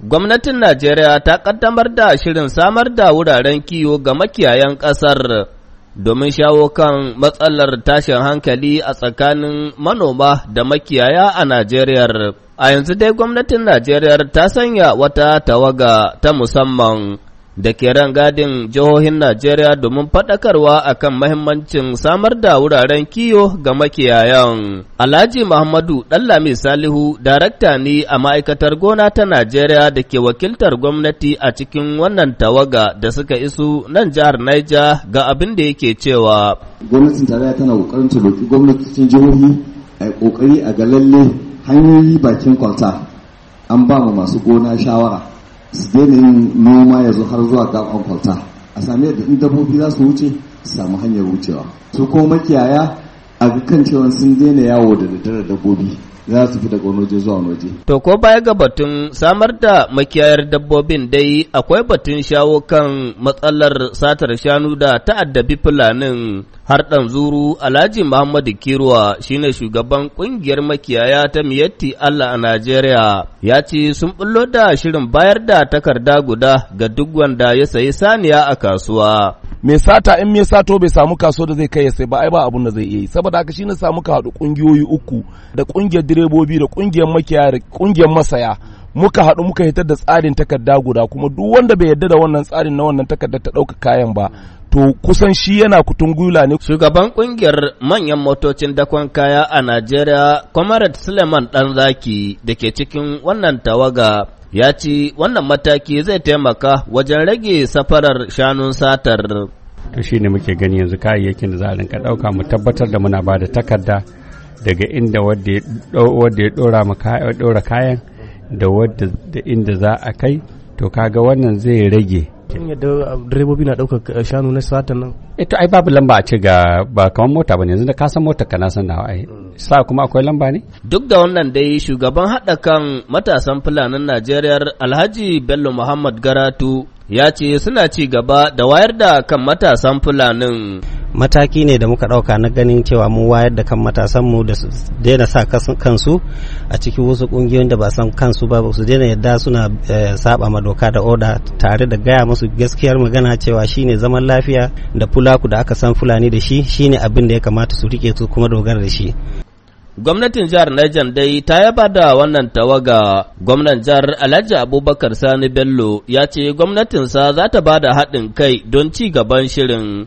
Gwamnatin Najeriya ta ƙaddamar da shirin samar da wuraren kiwo ga makiyayan ƙasar domin shawo kan matsalar tashin hankali a tsakanin manoma da makiyaya a Najeriya. A yanzu dai gwamnatin Najeriya ta sanya wata tawaga ta musamman da ke rangadin jihohin Najeriya domin faɗakarwa akan mahimmancin samar da wuraren kiyo ga makiyayan. Alhaji Muhammadu Ɗallami Salihu, darakta ne a ma'aikatar gona ta Najeriya da ke wakiltar gwamnati a cikin wannan tawaga da suka isu nan jihar Niger ga abin da yake cewa. Gwamnatin tarayya tana ƙoƙarin ta roƙi gwamnatin jihohi a ƙoƙari a ga lalle hanyoyi bakin kwata, an ba masu gona shawara. su daina yin noma yanzu har zuwa ta kwalta a sami yadda in dabbobi za su wuce su samu hanyar wucewa su ko makiyaya a kan cewa sun daina yawo da daddare dabbobi za su fi daga wani waje zuwa wani waje. To ko baya ga batun samar da makiyayar dabbobin dai akwai batun shawo kan matsalar satar shanu da ta'addabi fulanin har ɗan zuru Alhaji Muhammadu Kirwa shine shugaban ƙungiyar makiyaya ta Miyatti Allah a Najeriya ya ce sun bullo da shirin bayar da takarda guda ga duk wanda ya sayi saniya a kasuwa. mai sata in mai sato bai samu kaso da zai kai ya sai ba ai ba abun da zai iya yi saboda haka shine samu ka haɗu kungiyoyi uku da kungiyar direbobi da kungiyar makiya da kungiyar masaya muka haɗu muka hitar da tsarin takarda guda kuma duk wanda bai yarda da wannan tsarin na wannan takardar ta ɗauka kayan ba to kusan shi yana kutun gula ne. Shugaban kungiyar manyan motocin dakon kaya a Najeriya, Comrade Suleiman Ɗanzaki da ke cikin wannan tawaga ya ce wannan mataki zai taimaka wajen rage safarar shanun satar. To shi ne muke gani yanzu kayayyakin da za a rinka ɗauka mu tabbatar da muna ba da takarda daga inda wadda ya ɗora kayan da inda za a kai to kaga wannan zai rage yadda direbobi na ɗaukar eh, shanu na satan nan eh, to ai babu lamba a ce ga ba kamar mota ne yanzu da ka san mota kana san nawa ai sa kuma akwai lamba ne duk da wannan dai shugaban haɗa kan matasan fulanin Najeriya Alhaji Bello Muhammad Garatu ya ce suna ci gaba da wayar da kan matasan fulanin mataki ne da muka ɗauka na ganin cewa mu wayar da kan matasanmu da su daina sa kansu a cikin wasu ƙungiyoyin da ba san kansu ba su daina yadda suna eh, saba ma doka da oda tare da gaya musu gaskiyar magana cewa shine zaman lafiya da fulaku da aka san fulani da shi shine abin da ya kamata su rike su kuma dogara da shi Gwamnatin jihar Niger dai ta yaba da wannan tawaga. Gwamnan jihar Alhaji Abubakar Sani Bello ya ce gwamnatinsa za ta ba da haɗin kai don ci gaban shirin.